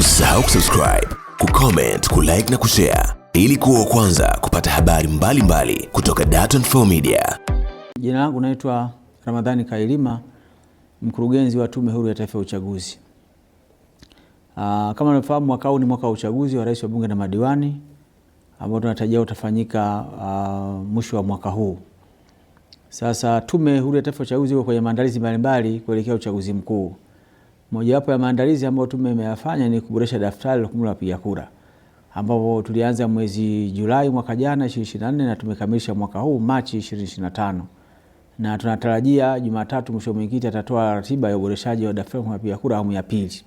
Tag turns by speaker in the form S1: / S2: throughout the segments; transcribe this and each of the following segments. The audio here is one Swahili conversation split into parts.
S1: Usisahau kusubscribe, kucomment, kulike na kushare ili kuwa kwanza kupata habari mbalimbali mbali kutoka Dar24 Media.
S2: Jina langu naitwa Ramadhani Kailima, mkurugenzi wa Tume Huru ya Taifa ya Uchaguzi. Aa, ah, kama unafahamu mwaka huu ni mwaka wa uchaguzi wa rais wa bunge na madiwani ambao tunatarajia utafanyika ah, mwisho wa mwaka huu. Sasa Tume Huru ya Taifa ya Uchaguzi iko kwenye maandalizi mbalimbali kuelekea uchaguzi mkuu. Mojawapo ya maandalizi ambayo tume imeyafanya ni kuboresha daftari la kudumu la wapiga kura ambapo tulianza mwezi Julai mwaka jana 2024 na tumekamilisha mwaka huu Machi 2025 na tunatarajia Jumatatu mwisho mwingine atatoa ratiba ya uboreshaji wa daftari la wapiga kura awamu ya pili.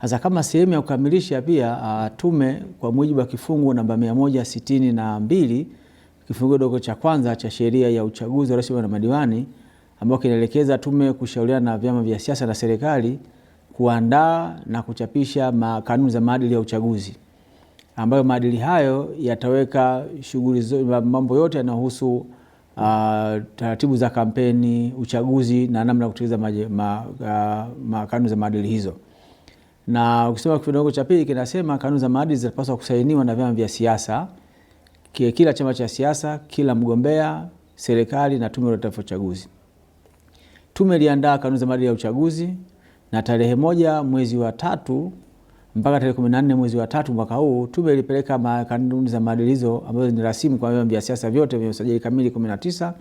S2: Sasa kama sehemu ya kukamilisha pia uh, tume kwa mujibu wa kifungu namba 162 kifungu kidogo cha kwanza cha sheria ya uchaguzi wa rais na madiwani ambao kinaelekeza tume kushauriana na vyama vya siasa na serikali kuandaa na kuchapisha kanuni za maadili ya uchaguzi ambayo maadili hayo yataweka shughuli mambo yote yanayohusu uh, taratibu za kampeni, uchaguzi na namna ya kutekeleza ma, uh, kanuni za maadili hizo. Na ukisoma kifungu cha pili kinasema kanuni za maadili zinapaswa kusainiwa na vyama vya siasa, kila chama cha siasa, kila mgombea, serikali na tume ya taifa ya uchaguzi. Tume iliandaa kanuni za maadili ya uchaguzi na tarehe moja mwezi wa tatu mpaka tarehe kumi na nne mwezi wa tatu mwaka huu tume ilipeleka kanuni za maadili hizo ambazo ni rasimu kwa vyama vya siasa vyote vyenye usajili kamili kumi na tisa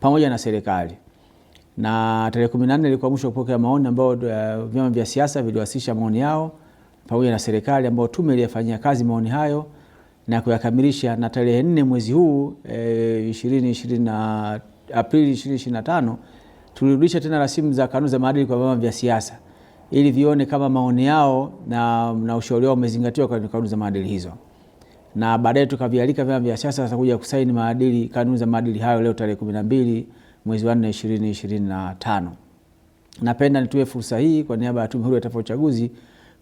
S2: pamoja na serikali. Na tarehe kumi na nne ilikuwa mwisho kupokea maoni ambao eh, vyama vya siasa viliwasilisha maoni yao pamoja na serikali ambao tume iliyafanyia kazi maoni hayo na kuyakamilisha na tarehe nne mwezi huu e, Aprili 20, 20 Aprili 2025 tulirudisha tena rasimu za kanuni za maadili kwa vyama vya siasa ili vione kama maoni yao na, na ushauri wao umezingatiwa kwa kanuni za maadili hizo, na baadaye tukavialika vyama vya siasa sasa kuja kusaini maadili kanuni za maadili hayo leo tarehe kumi na mbili mwezi wa nne ishirini ishirini na tano. Napenda nitue fursa hii kwa niaba ya Tume Huru ya Taifa ya Uchaguzi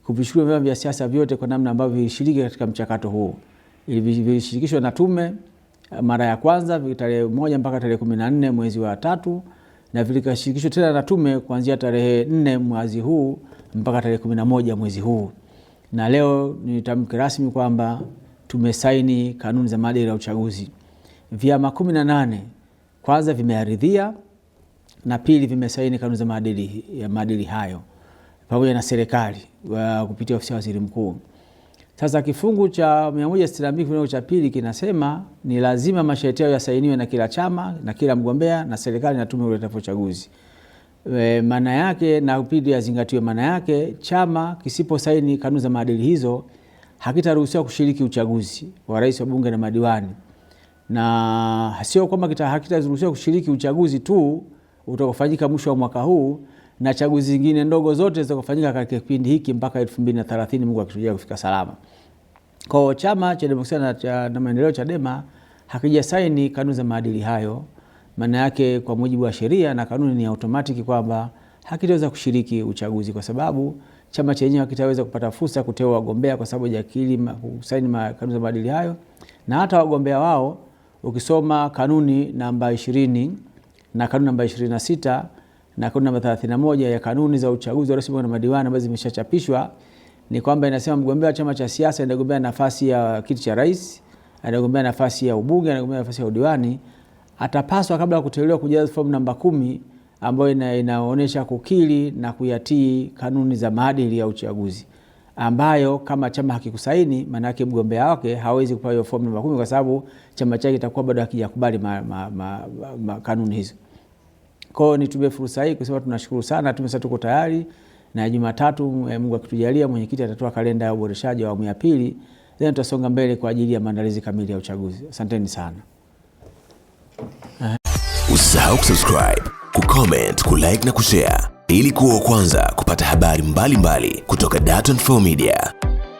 S2: kuvishukuru vyama vya siasa vyote kwa namna ambavyo vilishiriki katika mchakato huu. Vilishirikishwa na tume eh, mara ya kwanza tarehe moja mpaka tarehe kumi na nne mwezi wa tatu na vilikashirikishwa tena na tume kuanzia tarehe nne mwezi huu mpaka tarehe kumi na moja mwezi huu, na leo nitamke rasmi kwamba tumesaini kanuni za maadili ya uchaguzi. Vyama kumi na nane kwanza vimearidhia na pili vimesaini kanuni za maadili hayo pamoja na serikali kupitia ofisi ya waziri mkuu. Sasa kifungu cha 162 kifungu cha pili kinasema ni lazima masharti hayo yasainiwe na kila chama na kila mgombea na serikali na tume ya uchaguzi. E, maana yake na pidi yazingatiwe. Maana yake chama kisiposaini kanuni za maadili hizo hakitaruhusiwa kushiriki uchaguzi wa rais wa bunge na madiwani, na sio kwamba hakitaruhusiwa kushiriki uchaguzi tu utakofanyika mwisho wa mwaka huu na chaguzi zingine ndogo zote zitakofanyika katika kipindi hiki mpaka 2030 Mungu akitujalia kufika salama. Kwa chama cha demokrasia na cha, na maendeleo Chadema hakijasaini kanuni za maadili hayo, maana yake kwa mujibu wa sheria na kanuni ni automatic kwamba hakitaweza kushiriki uchaguzi kwa sababu chama chenyewe hakitaweza kupata fursa ya kuteua wagombea kwa sababu hajakiri kusaini kanuni za maadili hayo, na hata wagombea wao ukisoma kanuni namba 20 na kanuni namba ishirini na kuna namba moja ya kanuni za uchaguzi wa rais na madiwani ambazo zimeshachapishwa ni kwamba inasema mgombea wa chama cha siasa anagombea nafasi ya kiti cha rais, anagombea nafasi ya ubunge, anagombea nafasi ya udiwani, atapaswa kabla ya kuteuliwa kujaza fomu namba kumi ambayo ina, inaonyesha kukiri na kuyatii kanuni za maadili ya uchaguzi, ambayo kama chama hakikusaini, maana yake mgombea wake hawezi kupewa hiyo fomu namba kumi kwa sababu chama chake kitakuwa bado hakijakubali kanuni hizo. Kwao nitumie fursa hii kusema tunashukuru sana, tumesema tuko tayari na Jumatatu eh, Mungu akitujalia, mwenyekiti atatoa kalenda ya uboreshaji wa awamu ya pili, then tutasonga mbele kwa ajili ya maandalizi kamili ya uchaguzi. Asanteni sana. Usisahau kusubscribe, kucomment, kulike na kushare ili kuwa wa kwanza kupata habari mbalimbali mbali kutoka Dar24 Media.